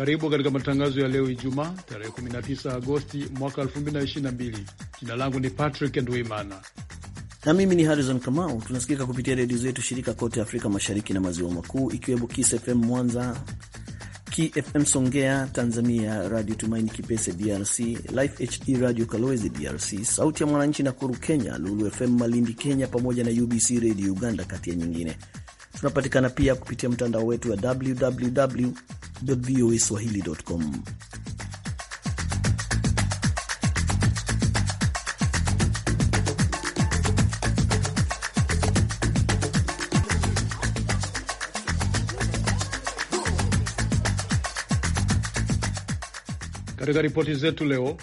Karibu katika matangazo ya leo Ijumaa, tarehe 19 Agosti mwaka 2022. Jina langu ni Patrick Ndwimana na mimi ni Harrison Kamau. Tunasikika kupitia redio zetu shirika kote Afrika Mashariki na Maziwa Makuu, ikiwemo Kiss FM Mwanza, KFM Songea Tanzania, Radio Tumaini Kipese DRC, Life HD Radio Kalowezi DRC, Sauti ya Mwananchi Nakuru Kenya, Lulu FM Malindi Kenya, pamoja na UBC Radio Uganda, kati ya nyingine. Tunapatikana pia kupitia mtandao wetu wa www voa swahili.com. Katika ripoti zetu leo,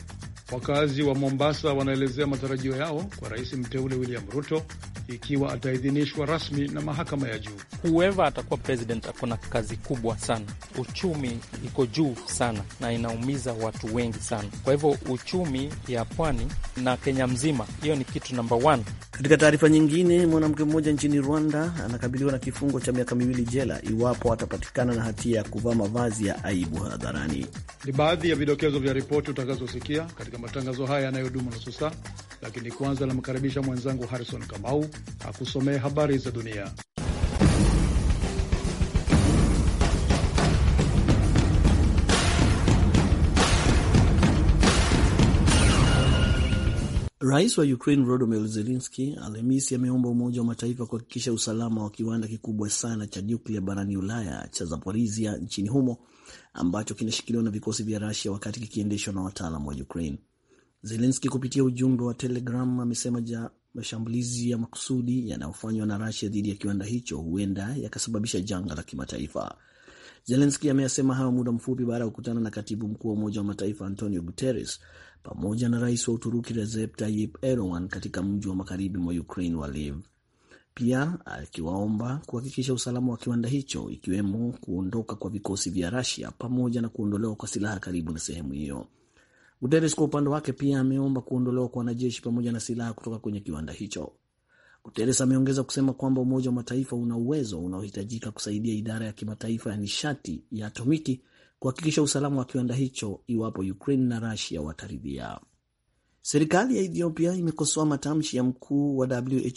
wakazi wa Mombasa wanaelezea matarajio yao kwa rais mteule William Ruto ikiwa ataidhinishwa rasmi na mahakama ya juu whoever atakuwa president akona kazi kubwa sana. Uchumi iko juu sana na inaumiza watu wengi sana, kwa hivyo uchumi ya pwani na Kenya mzima, hiyo ni kitu namba one. Katika taarifa nyingine, mwanamke mmoja nchini Rwanda anakabiliwa na kifungo cha miaka miwili jela iwapo atapatikana na hatia ya kuvaa mavazi ya aibu hadharani. Ni baadhi ya vidokezo vya ripoti utakazosikia katika matangazo haya yanayodumu nusu saa, lakini kwanza namkaribisha mwenzangu Harrison Kamau akusomee habari za dunia. Rais wa Ukraine Volodymyr Zelensky Alhamisi ameomba Umoja wa Mataifa kuhakikisha usalama wa kiwanda kikubwa sana cha nyuklia barani Ulaya cha Zaporizhia nchini humo ambacho kinashikiliwa na vikosi vya rasia wakati kikiendeshwa na wataalam wa Ukraine. Zelensky kupitia ujumbe wa Telegram amesema ja mashambulizi ya makusudi yanayofanywa na rasia dhidi ya kiwanda hicho huenda yakasababisha janga la kimataifa. Zelenski ameyasema hayo muda mfupi baada ya kukutana na katibu mkuu wa Umoja wa Mataifa Antonio Guterres pamoja na rais wa Uturuki Recep Tayyip Erdogan katika mji wa magharibi mwa Ukraine wa Lviv, pia akiwaomba kuhakikisha usalama wa kiwanda hicho ikiwemo kuondoka kwa vikosi vya rasia pamoja na kuondolewa kwa silaha karibu na sehemu hiyo. Guterres kwa upande wake pia ameomba kuondolewa kwa wanajeshi pamoja na silaha kutoka kwenye kiwanda hicho. Guterres ameongeza kusema kwamba Umoja wa Mataifa una uwezo unaohitajika kusaidia idara ya kimataifa ya nishati ya atomiki kuhakikisha usalama wa kiwanda hicho iwapo Ukraine na Russia wataridhia. Serikali ya Ethiopia imekosoa matamshi ya mkuu wa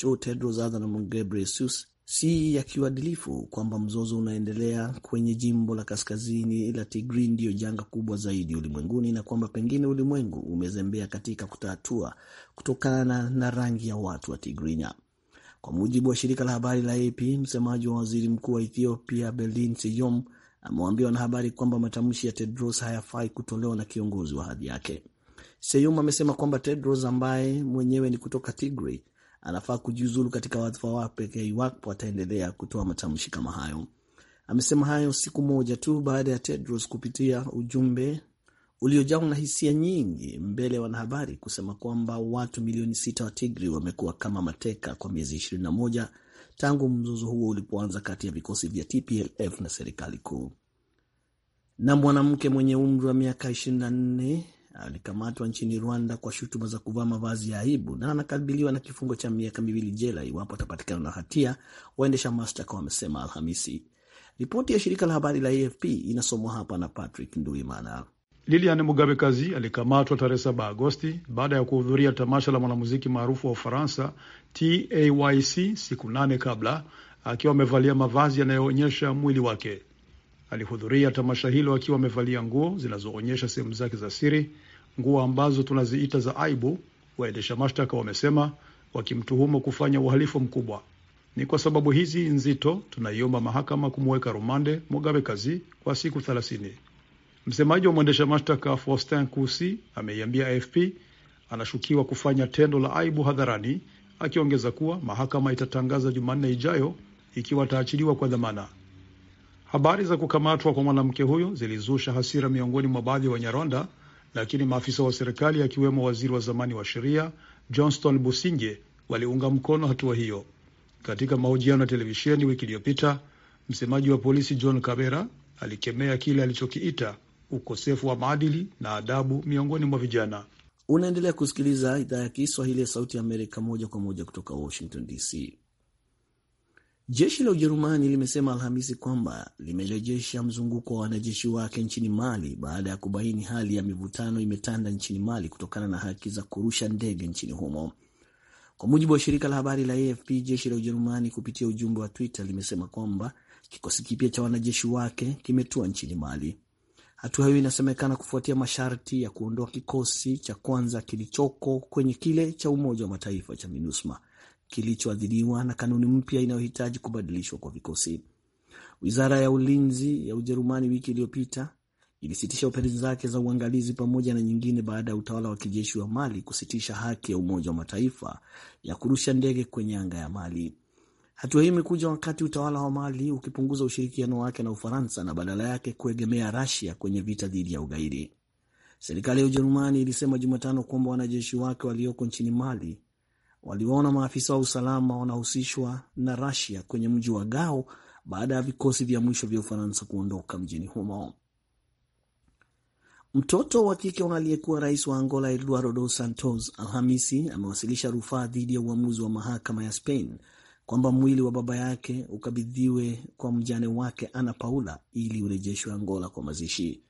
WHO Tedros Adhanom Ghebreyesus si ya kiuadilifu kwamba mzozo unaendelea kwenye jimbo la kaskazini la Tigray ndiyo janga kubwa zaidi ulimwenguni na kwamba pengine ulimwengu umezembea katika kutatua kutokana na rangi ya watu wa Tigrinya. Kwa mujibu wa shirika la habari la AP, msemaji wa waziri mkuu wa Ethiopia Berlin Seyom amewaambia wanahabari kwamba matamshi ya Tedros hayafai kutolewa na kiongozi wa hadhi yake. Seyum amesema kwamba Tedros ambaye mwenyewe ni kutoka Tigray anafaa kujiuzulu katika wadhifa wake iwapo ataendelea kutoa matamshi kama hayo. Amesema hayo siku moja tu baada ya Tedros kupitia ujumbe uliojawa na hisia nyingi mbele ya wanahabari kusema kwamba watu milioni sita wa Tigri wamekuwa kama mateka kwa miezi ishirini na moja tangu mzozo huo ulipoanza kati ya vikosi vya TPLF na serikali kuu. Na mwanamke mwenye umri wa miaka 24 alikamatwa nchini Rwanda kwa shutuma za kuvaa mavazi ya aibu na anakabiliwa na kifungo cha miaka miwili jela iwapo atapatikana na hatia, waendesha mashtaka wamesema Alhamisi. Ripoti ya shirika la habari la AFP inasomwa hapa na Patrick Nduimana. Lilian Mugabe Kazi alikamatwa tarehe 7 Agosti baada ya kuhudhuria tamasha la mwanamuziki maarufu wa Ufaransa TAYC siku nane kabla, akiwa amevalia mavazi yanayoonyesha mwili wake. Alihudhuria tamasha hilo akiwa amevalia nguo zinazoonyesha sehemu zake za siri, nguo ambazo tunaziita za aibu, waendesha mashtaka wamesema, wakimtuhumu kufanya uhalifu mkubwa. Ni kwa sababu hizi nzito tunaiomba mahakama kumuweka rumande Mugabe Kazi kwa siku thelathini. Msemaji wa mwendesha mashtaka Faustin Kusi ameiambia AFP anashukiwa kufanya tendo la aibu hadharani, akiongeza kuwa mahakama itatangaza Jumanne ijayo ikiwa ataachiliwa kwa dhamana. Habari za kukamatwa kwa mwanamke huyo zilizusha hasira miongoni mwa baadhi ya Wanyarwanda, lakini maafisa wa serikali akiwemo waziri wa zamani wa sheria Johnston Businge waliunga mkono hatua hiyo. Katika mahojiano ya televisheni wiki iliyopita, msemaji wa polisi John Kabera alikemea kile alichokiita ukosefu wa maadili na adabu miongoni mwa vijana. Unaendelea kusikiliza idhaa ya Kiswahili ya Sauti ya Amerika moja kwa moja kutoka Washington DC. Jeshi la Ujerumani limesema Alhamisi kwamba limerejesha mzunguko wa wanajeshi wake nchini Mali baada ya kubaini hali ya mivutano imetanda nchini Mali kutokana na haki za kurusha ndege nchini humo. Kwa mujibu wa shirika la habari la AFP, jeshi la Ujerumani kupitia ujumbe wa Twitter limesema kwamba kikosi kipya cha wanajeshi wake kimetua nchini Mali. Hatua hiyo inasemekana kufuatia masharti ya kuondoa kikosi cha kwanza kilichoko kwenye kile cha Umoja wa Mataifa cha MINUSMA kilichoadhiniwa na kanuni mpya inayohitaji kubadilishwa kwa vikosi. Wizara ya ulinzi ya Ujerumani wiki iliyopita ilisitisha operesheni zake za uangalizi pamoja na nyingine baada ya utawala wa kijeshi wa Mali kusitisha haki ya Umoja wa Mataifa ya kurusha ndege kwenye anga ya Mali. Hatua hii imekuja wakati utawala wa Mali ukipunguza ushirikiano wake na Ufaransa na badala yake kuegemea Rasia kwenye vita dhidi ya ugaidi. Serikali ya Ujerumani ilisema Jumatano kwamba wanajeshi wake walioko nchini Mali waliwaona maafisa wa usalama wanahusishwa na Rasia kwenye mji wa Gao baada ya vikosi vya mwisho vya Ufaransa kuondoka mjini humo. Mtoto wa kike wa aliyekuwa rais wa Angola Eduardo Dos Santos Alhamisi amewasilisha rufaa dhidi ya uamuzi wa mahakama ya Spain kwamba mwili wa baba yake ukabidhiwe kwa mjane wake Ana Paula ili urejeshwe Angola kwa mazishi.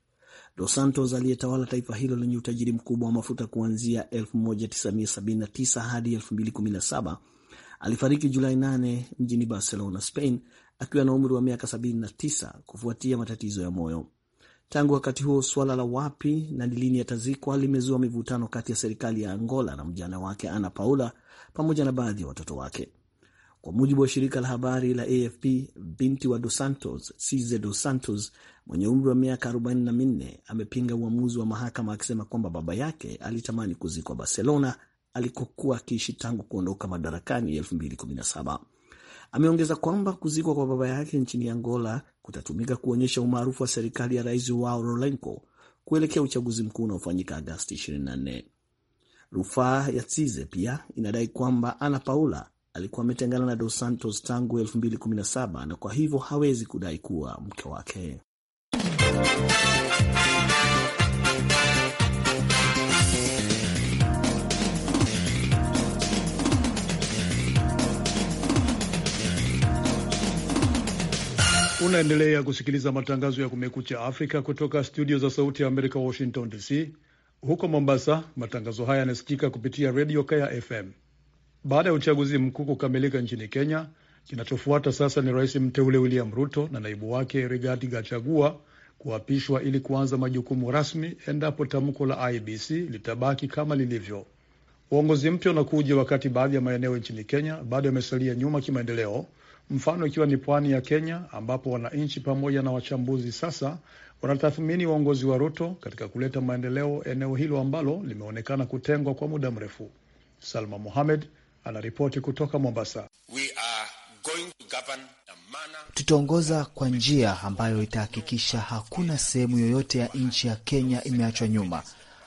Dos Santos aliyetawala taifa hilo lenye utajiri mkubwa wa mafuta kuanzia 1979 hadi 2017 alifariki Julai 8 mjini Barcelona, Spain akiwa na umri wa miaka 79 kufuatia matatizo ya moyo. Tangu wakati huo suala la wapi na ni lini atazikwa limezua mivutano kati ya serikali ya Angola na mjane wake Ana Paula pamoja na baadhi ya watoto wake. Kwa mujibu wa shirika la habari la AFP, binti wa Dos Santos, Cize Dos Santos, mwenye umri wa miaka 44, amepinga uamuzi wa mahakama akisema kwamba baba yake alitamani kuzikwa Barcelona alikokuwa akiishi tangu kuondoka madarakani 2017. Ameongeza kwamba kuzikwa kwa baba yake nchini Angola kutatumika kuonyesha umaarufu wa serikali ya rais wao Lourenco kuelekea uchaguzi mkuu unaofanyika Agasti 24. Rufaa ya Cize pia inadai kwamba Ana Paula alikuwa ametengana na Dos Santos tangu 2017 na kwa hivyo hawezi kudai kuwa mke wake. Unaendelea kusikiliza matangazo ya Kumekucha Afrika kutoka studio za Sauti ya Amerika, Washington DC. Huko Mombasa, matangazo haya yanasikika kupitia redio Kaya FM. Baada ya uchaguzi mkuu kukamilika nchini Kenya, kinachofuata sasa ni rais mteule William Ruto na naibu wake Rigathi Gachagua kuapishwa ili kuanza majukumu rasmi endapo tamko la IBC litabaki kama lilivyo. Uongozi mpya unakuja wakati baadhi ya maeneo nchini Kenya bado yamesalia nyuma kimaendeleo, mfano ikiwa ni pwani ya Kenya ambapo wananchi pamoja na wachambuzi sasa wanatathmini uongozi wa Ruto katika kuleta maendeleo eneo hilo ambalo limeonekana kutengwa kwa muda mrefu. Salma Mohamed anaripoti kutoka Mombasa. We are going to govern Tutaongoza kwa njia ambayo itahakikisha hakuna sehemu yoyote ya nchi ya Kenya imeachwa nyuma,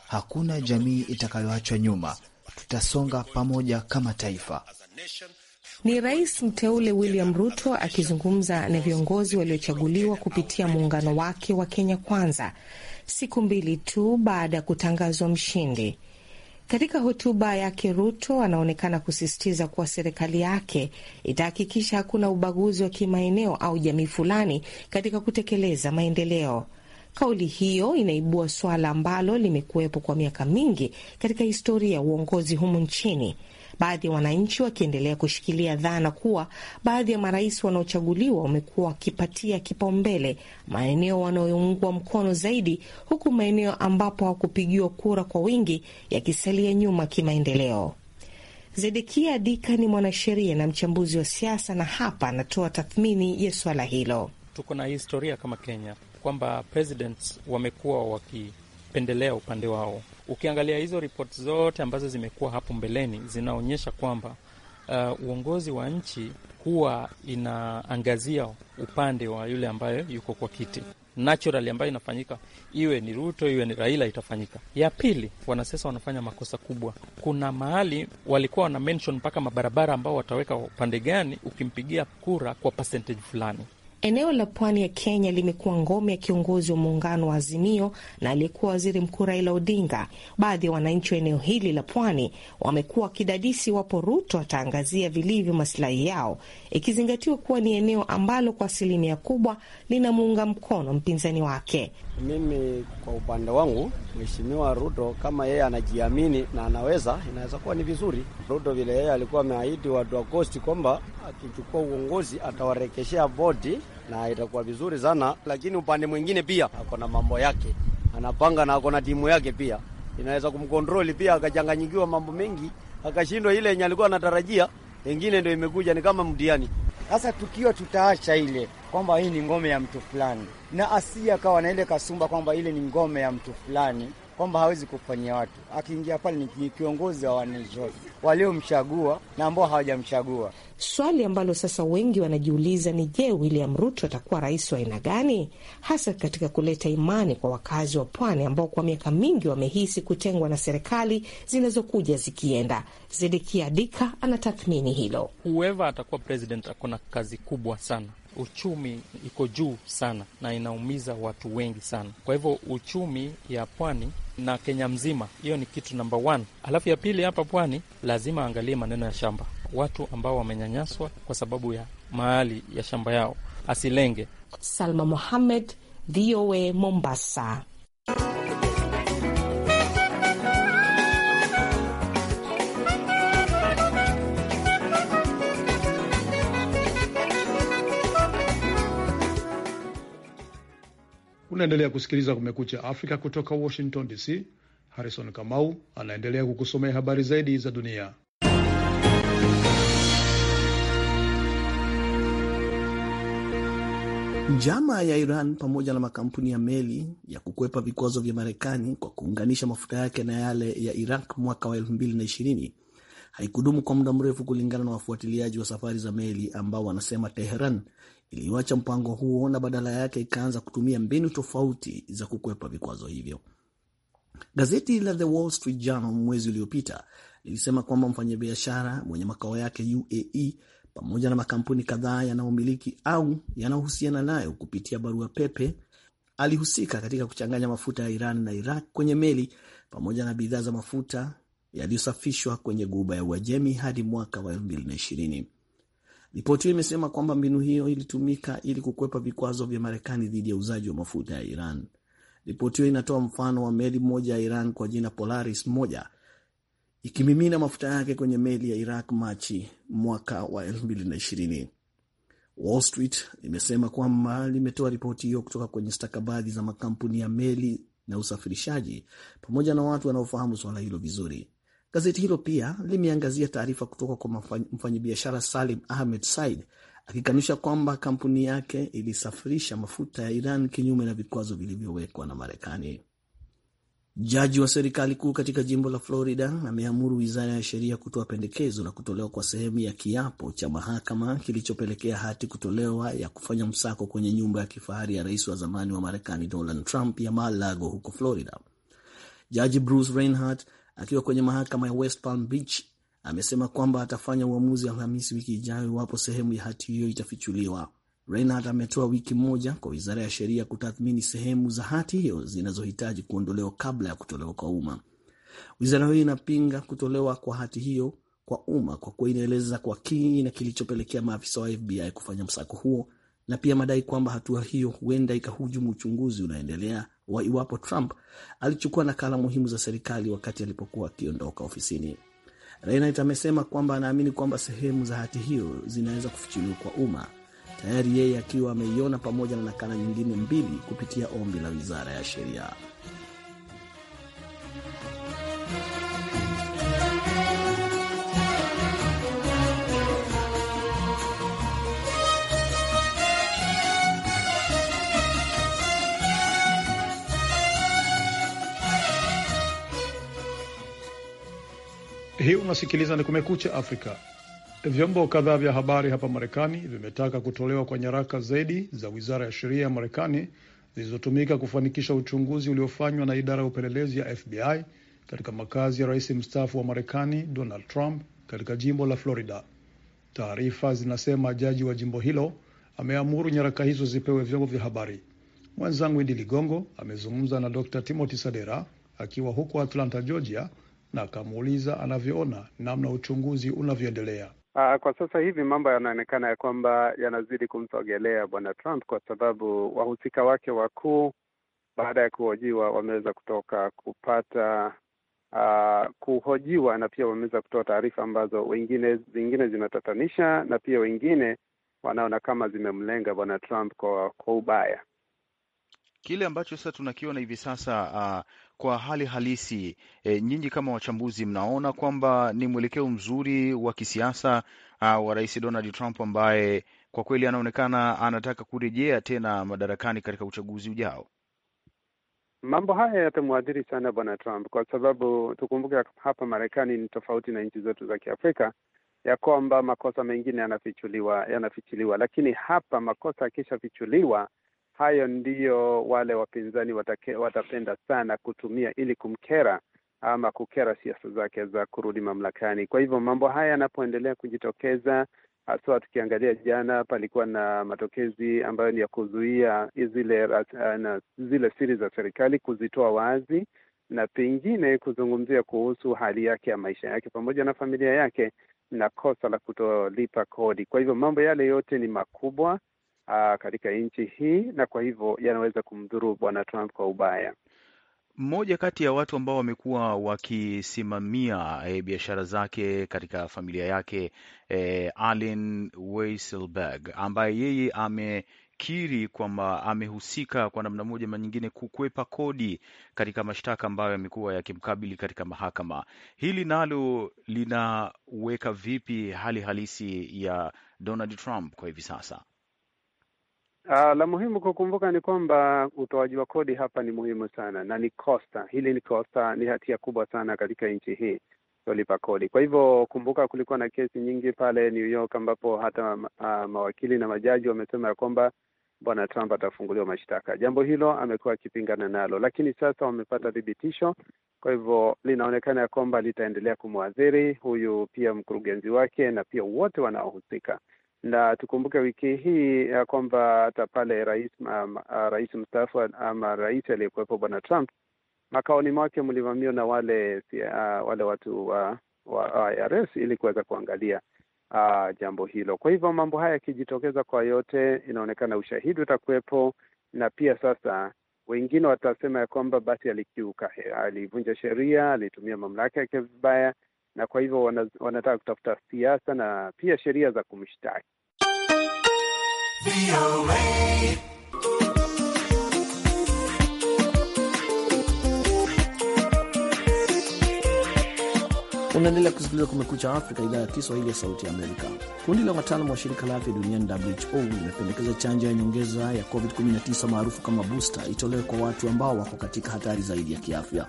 hakuna jamii itakayoachwa nyuma. Tutasonga pamoja kama taifa. Ni Rais mteule William Ruto akizungumza na viongozi waliochaguliwa kupitia muungano wake wa Kenya Kwanza, siku mbili tu baada ya kutangazwa mshindi. Katika hotuba yake, Ruto anaonekana kusisitiza kuwa serikali yake itahakikisha hakuna ubaguzi wa kimaeneo au jamii fulani katika kutekeleza maendeleo. Kauli hiyo inaibua swala ambalo limekuwepo kwa miaka mingi katika historia ya uongozi humu nchini baadhi ya wananchi wakiendelea kushikilia dhana kuwa baadhi ya marais wanaochaguliwa wamekuwa wakipatia kipaumbele maeneo wanayoungwa mkono zaidi, huku maeneo ambapo hawakupigiwa kura kwa wingi yakisalia nyuma kimaendeleo. Zedekia Dika ni mwanasheria na mchambuzi wa siasa, na hapa anatoa tathmini ya swala hilo. Tuko na historia kama Kenya kwamba presidents wamekuwa wakipendelea upande wao Ukiangalia hizo ripoti zote ambazo zimekuwa hapo mbeleni zinaonyesha kwamba uh, uongozi wa nchi huwa inaangazia upande wa yule ambaye yuko kwa kiti naturally ambayo inafanyika, iwe ni Ruto iwe ni Raila, itafanyika. Ya pili, wanasiasa wanafanya makosa kubwa. Kuna mahali walikuwa wana mention mpaka mabarabara ambao wataweka upande gani ukimpigia kura kwa percentage fulani. Eneo la pwani ya Kenya limekuwa ngome ya kiongozi wa muungano wa Azimio na aliyekuwa waziri mkuu Raila Odinga. Baadhi ya wananchi wa eneo hili la pwani wamekuwa wakidadisi iwapo Ruto ataangazia vilivyo masilahi yao, ikizingatiwa kuwa ni eneo ambalo kwa asilimia kubwa linamuunga mkono mpinzani wake. Mimi kwa upande wangu, Mheshimiwa Ruto kama yeye anajiamini na anaweza, inaweza kuwa ni vizuri. Ruto vile yeye alikuwa ameahidi watu wa Kosti kwamba akichukua uongozi atawarekeshea bodi na itakuwa vizuri sana, lakini upande mwingine pia ako na mambo yake, anapanga na ako na timu yake pia, inaweza kumkontroli pia, akachanganyikiwa mambo mengi, akashindwa ile yenye alikuwa anatarajia. Ingine ndio imekuja ni kama mtihani sasa. Tukiwa tutaacha ile kwamba hii ni ngome ya mtu fulani, na asiye akawa na ile kasumba kwamba ile ni ngome ya mtu fulani kwamba hawezi kufanyia watu. Akiingia pale ni kiongozi wa wananchi waliomchagua na ambao hawajamchagua. Swali ambalo sasa wengi wanajiuliza ni je, William Ruto atakuwa rais wa aina gani, hasa katika kuleta imani kwa wakazi wa pwani ambao kwa miaka mingi wamehisi kutengwa na serikali zinazokuja zikienda. Zedekia Dika anatathmini hilo. Hueva atakuwa president, akona kazi kubwa sana uchumi iko juu sana na inaumiza watu wengi sana. Kwa hivyo uchumi ya pwani na Kenya mzima, hiyo ni kitu namba one. Alafu ya pili, hapa pwani lazima aangalie maneno ya shamba, watu ambao wamenyanyaswa kwa sababu ya mahali ya shamba yao asilenge. Salma Mohamed, VOA Mombasa. Unaendelea kusikiliza Kumekucha Afrika kutoka Washington DC. Harrison Kamau anaendelea kukusomea habari zaidi za dunia. Njama ya Iran pamoja na makampuni ya meli ya kukwepa vikwazo vya Marekani kwa kuunganisha mafuta yake na yale ya Iraq mwaka wa 2020 haikudumu kwa muda mrefu, kulingana na wafuatiliaji wa safari za meli ambao wanasema Teheran iliwacha mpango huo na badala yake ikaanza kutumia mbinu tofauti za kukwepa vikwazo hivyo. Gazeti la The Wall Street Journal mwezi uliopita lilisema kwamba mfanyabiashara mwenye makao yake UAE pamoja na makampuni kadhaa yanayomiliki au yanayohusiana nayo kupitia barua pepe alihusika katika kuchanganya mafuta ya Iran na Iraq kwenye meli pamoja na bidhaa za mafuta yaliyosafishwa kwenye guba ya Uajemi hadi mwaka wa 2020. Ripoti hiyo imesema kwamba mbinu hiyo ilitumika ili kukwepa vikwazo vya Marekani dhidi ya uuzaji wa mafuta ya Iran. Ripoti hiyo inatoa mfano wa meli moja ya Iran kwa jina Polaris moja ikimimina mafuta yake kwenye meli ya Iraq Machi mwaka wa 2020. Wall Street limesema kwamba limetoa ripoti hiyo kutoka kwenye stakabadhi za makampuni ya meli na usafirishaji pamoja na watu wanaofahamu suala hilo vizuri. Gazeti hilo pia limeangazia taarifa kutoka kwa mfanyabiashara Salim Ahmed Said akikanusha kwamba kampuni yake ilisafirisha mafuta ya Iran kinyume na vikwazo vilivyowekwa na Marekani. Jaji wa serikali kuu katika jimbo la Florida ameamuru wizara ya sheria kutoa pendekezo la kutolewa kwa sehemu ya kiapo cha mahakama kilichopelekea hati kutolewa ya kufanya msako kwenye nyumba ya kifahari ya rais wa zamani wa Marekani Donald Trump ya Mar-a-Lago huko Florida. Jaji Bruce Reinhardt akiwa kwenye mahakama ya West Palm Beach amesema kwamba atafanya uamuzi Alhamisi wiki ijayo iwapo sehemu ya hati hiyo itafichuliwa. Reinhardt ametoa wiki moja kwa wizara ya sheria kutathmini sehemu za hati hiyo zinazohitaji kuondolewa kabla ya kutolewa kwa umma. Wizara hiyo inapinga kutolewa kwa hati hiyo kwa umma kwa kuwa inaeleza kwa kina kilichopelekea maafisa wa FBI kufanya msako huo na pia madai kwamba hatua hiyo huenda ikahujumu uchunguzi unaendelea wa iwapo Trump alichukua nakala muhimu za serikali wakati alipokuwa akiondoka ofisini. Reinhardt amesema kwamba anaamini kwamba sehemu za hati hiyo zinaweza kufichuliwa kwa umma, tayari yeye akiwa ameiona pamoja na nakala nyingine mbili kupitia ombi la wizara ya sheria. Hii unasikiliza ni Kumekucha Afrika. Vyombo kadhaa vya habari hapa Marekani vimetaka kutolewa kwa nyaraka zaidi za wizara ya sheria ya Marekani zilizotumika kufanikisha uchunguzi uliofanywa na idara ya upelelezi ya FBI katika makazi ya rais mstaafu wa Marekani Donald Trump katika jimbo la Florida. Taarifa zinasema jaji wa jimbo hilo ameamuru nyaraka hizo zipewe vyombo vya habari. Mwenzangu Idi Ligongo amezungumza na Dr Timothy Sadera akiwa huko Atlanta, Georgia, na akamuuliza anavyoona namna uchunguzi unavyoendelea. Uh, kwa sasa hivi mambo yanaonekana ya kwamba yanazidi kumsogelea bwana Trump kwa sababu wahusika wake wakuu baada ya kuhojiwa wameweza kutoka kupata uh, kuhojiwa na pia wameweza kutoa taarifa ambazo wengine zingine zimetatanisha na pia wengine wanaona kama zimemlenga bwana Trump kwa, kwa ubaya. Kile ambacho sasa tunakiona hivi sasa uh, kwa hali halisi e, nyinyi kama wachambuzi mnaona kwamba ni mwelekeo mzuri wa kisiasa uh, wa Rais Donald Trump ambaye kwa kweli anaonekana anataka kurejea tena madarakani katika uchaguzi ujao. Mambo haya yatamwadhiri sana Bwana Trump kwa sababu tukumbuke, hapa Marekani ni tofauti na nchi zetu za Kiafrika ya kwamba makosa mengine yanafichuliwa yanafichuliwa, lakini hapa makosa akishafichuliwa Hayo ndiyo wale wapinzani watake, watapenda sana kutumia ili kumkera ama kukera siasa zake za kurudi mamlakani. Kwa hivyo mambo haya yanapoendelea kujitokeza, haswa tukiangalia jana, palikuwa na matokezi ambayo ni ya kuzuia zile na zile siri za serikali kuzitoa wazi, na pengine kuzungumzia kuhusu hali yake ya maisha yake pamoja na familia yake na kosa la kutolipa kodi. Kwa hivyo mambo yale yote ni makubwa uh, katika nchi hii, na kwa hivyo yanaweza kumdhuru bwana Trump kwa ubaya. Mmoja kati ya watu ambao wamekuwa wakisimamia e, biashara zake katika familia yake e, Allen Weisselberg ambaye yeye amekiri kwamba amehusika kwa namna moja ama nyingine kukwepa kodi katika mashtaka ambayo yamekuwa yakimkabili katika mahakama. Hili nalo linaweka vipi hali halisi ya Donald Trump kwa hivi sasa? Uh, la muhimu kukumbuka ni kwamba utoaji wa kodi hapa ni muhimu sana, na ni kosta hili, ni kosta, ni hatia kubwa sana katika nchi hii tolipa kodi. Kwa hivyo kumbuka, kulikuwa na kesi nyingi pale New York ambapo hata uh, mawakili na majaji wamesema ya kwamba bwana Trump atafunguliwa mashtaka. Jambo hilo amekuwa akipingana nalo, lakini sasa wamepata thibitisho, kwa hivyo linaonekana ya kwamba litaendelea kumwathiri huyu pia mkurugenzi wake na pia wote wanaohusika na tukumbuke wiki hii ya kwamba hata pale rais um, rais mstaafu ama rais aliyekuwepo bwana Trump makaoni mwake mlivamiwa na wale uh, wale watu wa, wa IRS ili kuweza kuangalia uh, jambo hilo. Kwa hivyo mambo haya yakijitokeza kwa yote, inaonekana ushahidi utakuwepo, na pia sasa wengine watasema ya kwamba basi alikiuka, alivunja sheria, alitumia mamlaka yake vibaya na kwa hivyo wanataka kutafuta siasa na pia sheria za kumshtaki. Unaendelea kusikiliza Kumekucha Afrika, idhaa ya Kiswahili ya Sauti ya Amerika. Kundi la wataalamu wa shirika la afya duniani WHO limependekeza chanjo ya nyongeza ya COVID-19 maarufu kama busta itolewe kwa watu ambao wako katika hatari zaidi ya kiafya.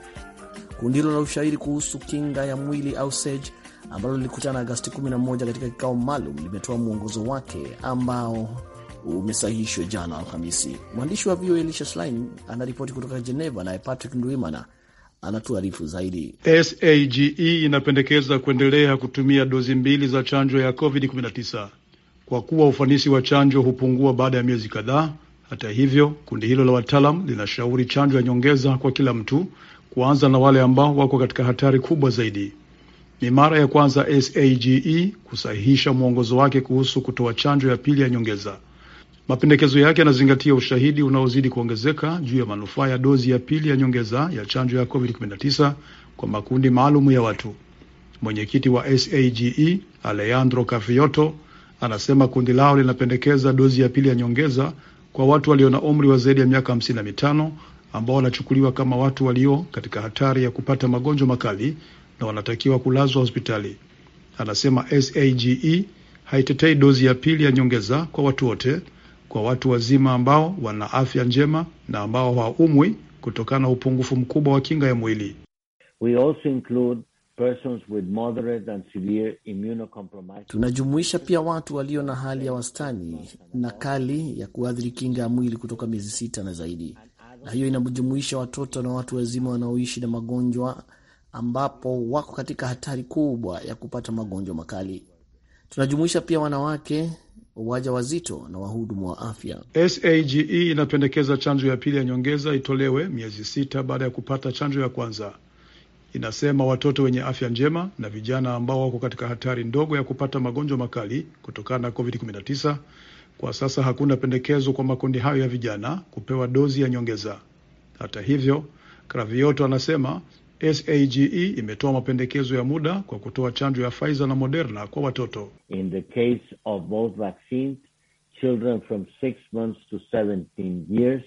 Kundi hilo la ushairi kuhusu kinga ya mwili au SAGE ambalo lilikutana Agosti 11 katika kikao maalum limetoa mwongozo wake ambao umesahihishwa jana Alhamisi. Mwandishi wa VOA Elisha Schlein anaripoti kutoka Geneva, naye Patrick Ndwimana anatuarifu zaidi. SAGE inapendekeza kuendelea kutumia dozi mbili za chanjo ya COVID-19 kwa kuwa ufanisi wa chanjo hupungua baada ya miezi kadhaa. Hata hivyo, kundi hilo la wataalam linashauri chanjo ya nyongeza kwa kila mtu kuanza na wale ambao wako katika hatari kubwa zaidi. Ni mara ya kwanza SAGE kusahihisha mwongozo wake kuhusu kutoa chanjo ya pili ya nyongeza. Mapendekezo yake yanazingatia ushahidi unaozidi kuongezeka juu ya manufaa ya dozi ya pili ya nyongeza ya chanjo ya COVID-19 kwa makundi maalum ya watu. Mwenyekiti wa SAGE Alejandro cafioto anasema kundi lao linapendekeza dozi ya pili ya nyongeza kwa watu walio na umri wa zaidi ya miaka 55 ambao wanachukuliwa kama watu walio katika hatari ya kupata magonjwa makali na wanatakiwa kulazwa hospitali. Anasema SAGE haitetei dozi ya pili ya nyongeza kwa watu wote, kwa watu wazima ambao wana afya njema na ambao hawaumwi kutokana na upungufu mkubwa wa kinga ya mwili. We also include persons with moderate and severe Tunajumuisha pia watu walio na hali ya wastani na kali ya kuathiri kinga ya mwili kutoka miezi sita na zaidi na hiyo inajumuisha watoto na watu wazima wanaoishi na magonjwa ambapo wako katika hatari kubwa ya kupata magonjwa makali. Tunajumuisha pia wanawake waja wazito na wahudumu wa afya. SAGE inapendekeza chanjo ya pili ya nyongeza itolewe miezi sita baada ya kupata chanjo ya kwanza. Inasema watoto wenye afya njema na vijana ambao wako katika hatari ndogo ya kupata magonjwa makali kutokana na COVID-19 kwa sasa hakuna pendekezo kwa makundi hayo ya vijana kupewa dozi ya nyongeza. Hata hivyo, Kravioto anasema SAGE imetoa mapendekezo ya muda kwa kutoa chanjo ya Pfizer na Moderna kwa watoto. In the case of both vaccines, children from 6 months to 17 years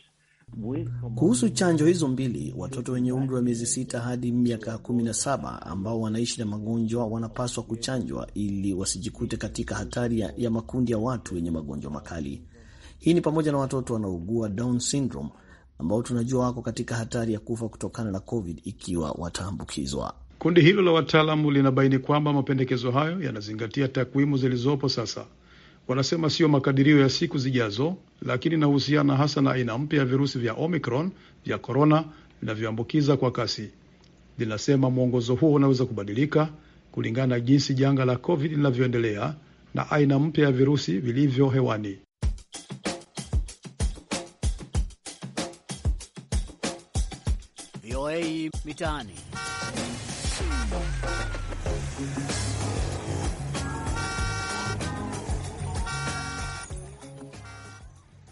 kuhusu chanjo hizo mbili, watoto wenye umri wa miezi sita hadi miaka kumi na saba ambao wanaishi na magonjwa wanapaswa kuchanjwa ili wasijikute katika hatari ya makundi ya watu wenye magonjwa makali. Hii ni pamoja na watoto wanaougua Down syndrome ambao tunajua wako katika hatari ya kufa kutokana na COVID ikiwa wataambukizwa. Kundi hilo la wataalamu linabaini kwamba mapendekezo hayo yanazingatia takwimu zilizopo sasa wanasema sio makadirio ya siku zijazo, lakini inahusiana hasa na aina mpya ya virusi vya Omicron vya korona vinavyoambukiza kwa kasi. Linasema mwongozo huo unaweza kubadilika kulingana na jinsi janga la COVID linavyoendelea na aina mpya ya virusi vilivyo hewani. VOA Mitaani.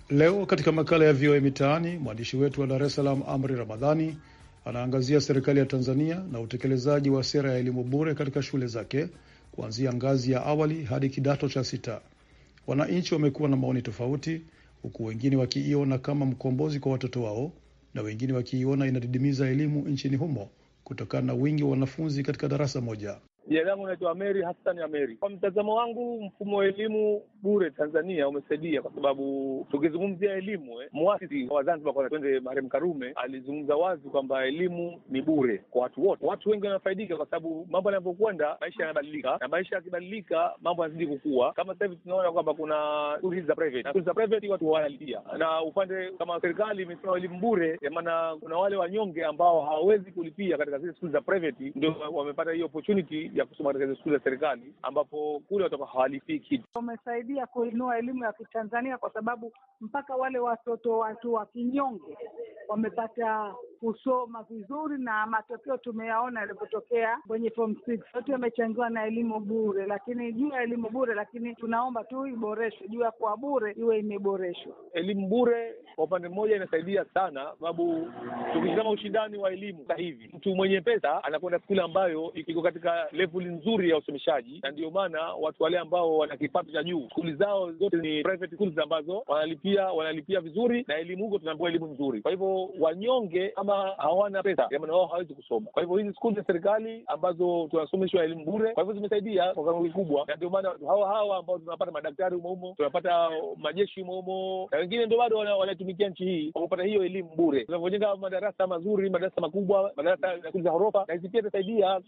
Leo katika makala ya VOA Mitaani, mwandishi wetu wa Dar es Salaam Amri Ramadhani anaangazia serikali ya Tanzania na utekelezaji wa sera ya elimu bure katika shule zake kuanzia ngazi ya awali hadi kidato cha sita. Wananchi wamekuwa na maoni tofauti, huku wengine wakiiona kama mkombozi kwa watoto wao na wengine wakiiona inadidimiza elimu nchini humo kutokana na wingi wa wanafunzi katika darasa moja. Jina langu naitwa Ameri Hassan Ameri. Kwa mtazamo wangu, mfumo wa elimu bure Tanzania umesaidia kwa sababu tukizungumzia elimu eh, mwasisi wa Zanzibar kwa twende marehemu Karume alizungumza wazi kwamba elimu ni bure kwa watu wote. Watu wengi wanafaidika kwa sababu mambo yanavyokwenda, maisha yanabadilika, na maisha yakibadilika, mambo yanazidi kukua. Kama sasa hivi tunaona kwamba kuna shule za private na shule za private watu wanalipia, na upande kama serikali imesema elimu bure, maana kuna wale wanyonge ambao hawawezi kulipia katika zile shule za private, ndio wamepata hiyo opportunity ya kusoma katika hizo skuli za serikali, ambapo kule watakuwa hawalipii kitu. Wamesaidia kuinua elimu ya Kitanzania kwa sababu mpaka wale watoto watu wa kinyonge wamepata kusoma vizuri, na matokeo tumeyaona yalivyotokea kwenye form six. Yote yamechangiwa na elimu bure, lakini juu ya elimu bure, lakini tunaomba tu iboreshwe, juu ya kuwa bure iwe imeboreshwa. Elimu bure kwa upande mmoja inasaidia sana, sababu tukitizama ushindani wa elimu sasa hivi, mtu mwenye pesa anakwenda skuli ambayo iko katika levuli nzuri ya usomeshaji na ndio maana watu wale ambao wana kipato cha juu skuli zao zote ni private schools ambazo wanalipia wanalipia vizuri, na elimu huko tunaambiwa elimu nzuri. Kwa hivyo wanyonge ama kama hawana pesa, ya maana wao hawezi kusoma. Kwa hivyo hizi skuli za serikali ambazo tunasomeshwa elimu bure, kwa hivyo zimesaidia kwa kiwango kikubwa, na ndio maana hawa hawa ambao tunapata madaktari humohumo, tunapata majeshi humohumo, na wengine ndio bado wanatumikia nchi hii kwa kupata hiyo elimu bure. Tunavyojenga madarasa mazuri, madarasa makubwa, madarasa ya shule za ghorofa, na hizi pia itasaidia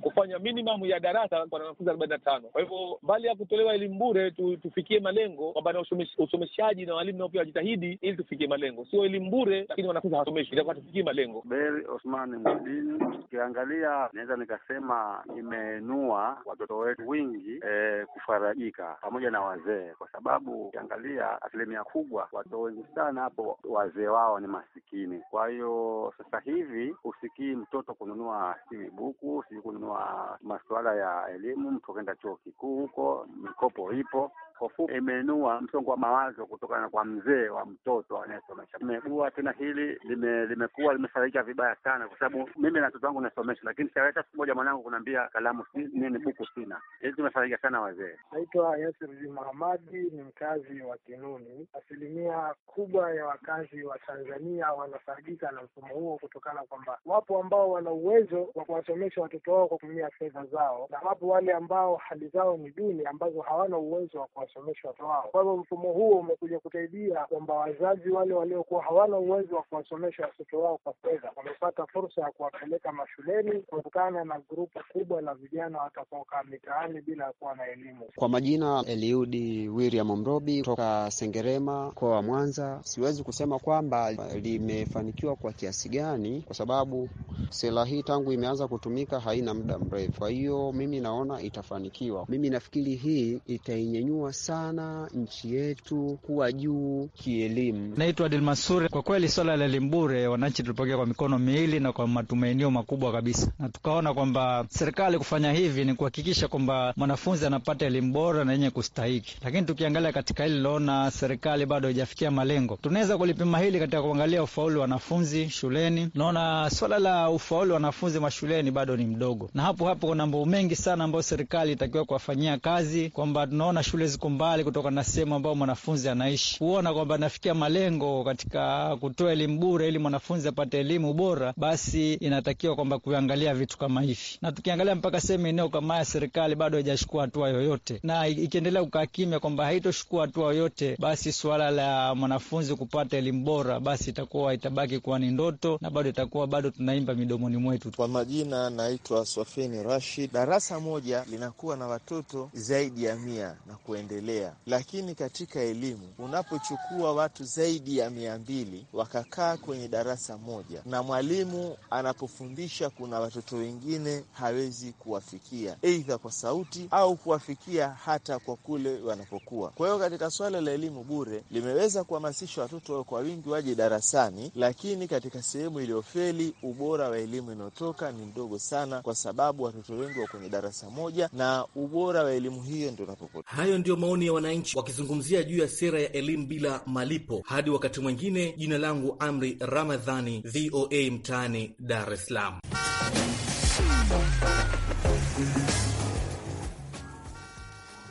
kufanya minimum ya darasa kwa wanafunzi arobaini na tano. Kwa hivyo mbali ya kutolewa elimu bure, tufikie malengo kwamba na usomeshaji na walimu nao pia wajitahidi, ili tufikie malengo, sio elimu bure, lakini wanafunzi umeshinda kwa tufikie malengo. Beri Osman Mwadini, tukiangalia naweza nikasema imeenua watoto wetu wingi e, kufarajika pamoja na wazee, kwa sababu ukiangalia asilimia kubwa watoto wengi sana hapo wazee wao ni masikini. Kwa hiyo sasa hivi husikii mtoto kununua sijui buku sijui kununua masuala ya elimu, mtu akaenda chuo kikuu huko, mikopo ipo kofu imeenua msongo wa mawazo kutokana kwa mzee wa mtoto anayesomesha. Imegua tena hili lime limekuwa limefarika vibaya sana, kwa sababu mimi na watoto wangu nasomesha, lakini sasa siku moja mwanangu kunaambia kalamu nini buku sina. Hizi yaani zimefarika sana wazee. Naitwa Yasir Mahamadi, ni mkazi wa Kinuni. Asilimia kubwa ya wakazi wa Tanzania wanafaidika na mfumo huo kutokana kwamba wapo ambao wana uwezo wa kuwasomesha watoto wao kwa kutumia fedha zao, na wapo wale ambao hali zao ni duni, ambazo hawana uwezo wa kuwasomesha watoto wao. Kwa hivyo mfumo huo umekuja kusaidia kwamba wazazi wale waliokuwa hawana uwezo wa kuwasomesha kuwafundisha watoto wao kwa fedha. Wamepata fursa ya kuwapeleka mashuleni kutokana na grupu kubwa la vijana watakaokaa mitaani bila ya kuwa na elimu. Kwa majina Eliudi William Mrobi kutoka Sengerema, mkoa wa Mwanza. Siwezi kusema kwamba limefanikiwa kwa kiasi gani, kwa sababu sera hii tangu imeanza kutumika haina muda mrefu. Kwa hiyo mimi naona itafanikiwa. Mimi nafikiri hii itainyenyua sana nchi yetu kuwa juu kielimu. Naitwa Dilmasuri. Kwa kweli swala la elimu bure, wananchi tulipokea kwa mikono miwili na kwa matumainio makubwa kabisa, na tukaona kwamba serikali kufanya hivi ni kuhakikisha kwamba mwanafunzi anapata elimu bora na yenye kustahiki. Lakini tukiangalia katika hili liliona serikali bado haijafikia malengo, tunaweza kulipima hili katika kuangalia ufaulu wa wanafunzi shuleni. Naona swala la ufaulu wa wanafunzi mashuleni bado ni mdogo, na hapo hapo kuna mambo mengi sana ambayo serikali itakiwa kuwafanyia kazi, kwamba tunaona shule ziko mbali kutoka na sehemu ambayo mwanafunzi anaishi, kuona kwamba anafikia malengo katika kutoa elimu bure ili ili mwanafunzi apate elimu bora, basi inatakiwa kwamba kuangalia vitu kama hivi, na tukiangalia mpaka sehemu eneo kama haya, serikali bado haijachukua hatua yoyote, na ikiendelea kukaa kimya kwamba haitochukua hatua yoyote, basi suala la mwanafunzi kupata elimu bora, basi itakuwa itabaki kuwa ni ndoto na bado itakuwa bado tunaimba midomoni mwetu. Kwa majina, naitwa Swafeni Rashid. Darasa moja linakuwa na watoto zaidi ya mia na kuendelea, lakini katika elimu unapochukua watu zaidi ya mia mbili wakakaa kwenye darasa moja, na mwalimu anapofundisha kuna watoto wengine hawezi kuwafikia, aidha kwa sauti au kuwafikia hata kwa kule wanapokuwa. Kwa hiyo katika swala la elimu bure limeweza kuhamasisha watoto wao kwa wingi waje darasani, lakini katika sehemu iliyofeli ubora wa elimu inayotoka ni mdogo sana, kwa sababu watoto wengi wa kwenye darasa moja na ubora wa elimu hiyo ndio unapopotea. Hayo ndiyo maoni ya wananchi wakizungumzia juu ya sera ya elimu bila malipo. Hadi wakati mwingine, jina langu Amri Ra Ramadhani, VOA Mtaani, Dar es Salaam.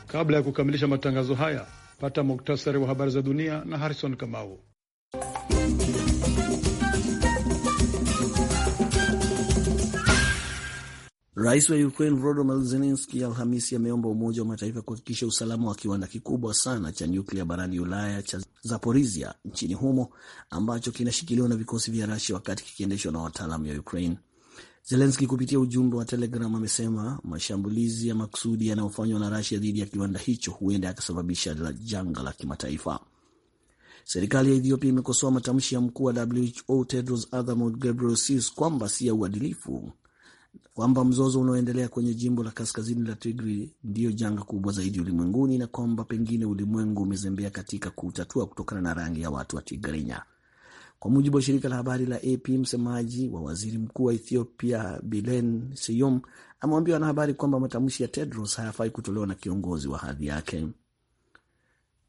Kabla ya kukamilisha matangazo haya, pata muktasari wa habari za dunia na Harrison Kamau. Rais wa Ukraine Volodymyr Zelensky Alhamisi ameomba Umoja wa Mataifa kuhakikisha usalama wa kiwanda kikubwa sana cha nyuklia barani Ulaya cha Zaporizhia nchini humo ambacho kinashikiliwa na vikosi vya rasia wakati kikiendeshwa na wataalamu wa Ukraine. Zelensky kupitia ujumbe wa Telegram amesema mashambulizi ya makusudi yanayofanywa na Rasia dhidi ya kiwanda hicho huenda yakasababisha janga la kimataifa. Serikali ya Ethiopia imekosoa matamshi ya mkuu wa WHO Tedros Adhanom Ghebreyesus kwamba si ya uadilifu kwamba mzozo unaoendelea kwenye jimbo la kaskazini la Tigri ndiyo janga kubwa zaidi ulimwenguni na kwamba pengine ulimwengu umezembea katika kuutatua kutokana na rangi ya watu wa Tigrinya. Kwa mujibu wa shirika la habari la AP, msemaji wa waziri mkuu wa Ethiopia Bilen Seyum amewambia wanahabari kwamba matamshi ya Tedros hayafai kutolewa na kiongozi wa hadhi yake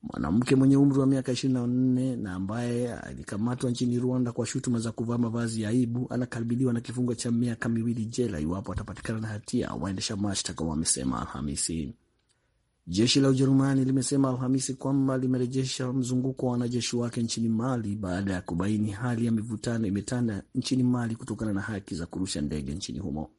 mwanamke mwenye umri wa miaka ishirini na nne na ambaye alikamatwa nchini Rwanda kwa shutuma za kuvaa mavazi ya aibu anakabiliwa na kifungo cha miaka miwili jela iwapo atapatikana na hatia, waendesha mashtaka wamesema Alhamisi. Jeshi la Ujerumani limesema Alhamisi kwamba limerejesha mzunguko wa wanajeshi wake nchini Mali baada ya kubaini hali ya mivutano imetanda nchini Mali kutokana na haki za kurusha ndege nchini humo.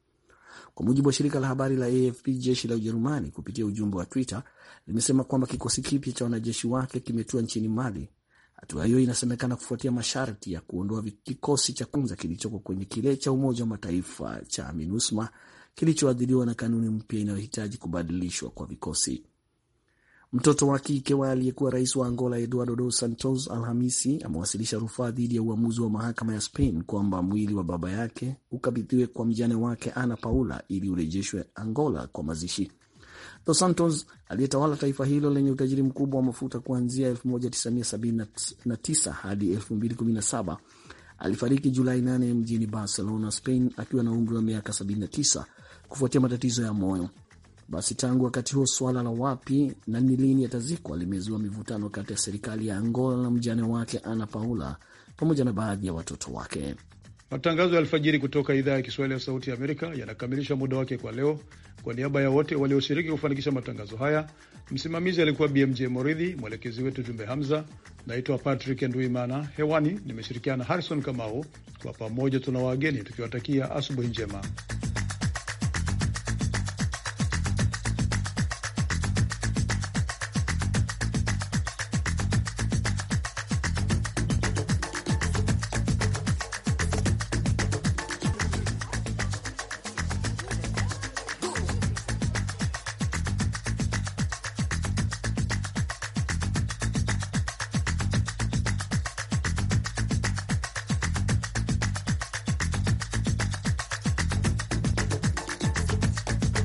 Kwa mujibu wa shirika la habari la AFP, jeshi la Ujerumani kupitia ujumbe wa Twitter limesema kwamba kikosi kipya cha wanajeshi wake kimetua nchini Mali. Hatua hiyo inasemekana kufuatia masharti ya kuondoa kikosi cha kwanza kilichoko kwenye kile cha Umoja wa Mataifa cha MINUSMA kilichoadhiriwa na kanuni mpya inayohitaji kubadilishwa kwa vikosi. Mtoto wa kike wa aliyekuwa rais wa Angola Eduardo Dos Santos Alhamisi amewasilisha rufaa dhidi ya uamuzi wa mahakama ya Spain kwamba mwili wa baba yake ukabidhiwe kwa mjane wake Ana Paula ili urejeshwe Angola kwa mazishi. Dos Santos aliyetawala taifa hilo lenye utajiri mkubwa wa mafuta kuanzia 1979 hadi 2017 alifariki Julai 8 mjini Barcelona, Spain akiwa na umri wa miaka 79 kufuatia matatizo ya moyo. Basi tangu wakati huo suala la wapi na ni lini atazikwa limezua mivutano kati ya serikali ya Angola na mjane wake Ana Paula pamoja na baadhi ya watoto wake. Matangazo ya alfajiri kutoka idhaa ya Kiswahili ya Sauti ya Amerika yanakamilisha muda wake kwa leo. Kwa niaba ya wote walioshiriki kufanikisha matangazo haya, msimamizi alikuwa BMJ Moridhi, mwelekezi wetu Jumbe Hamza. Naitwa Patrick Nduimana, hewani nimeshirikiana Harrison Kamau. Kwa pamoja tuna wageni tukiwatakia asubuhi njema.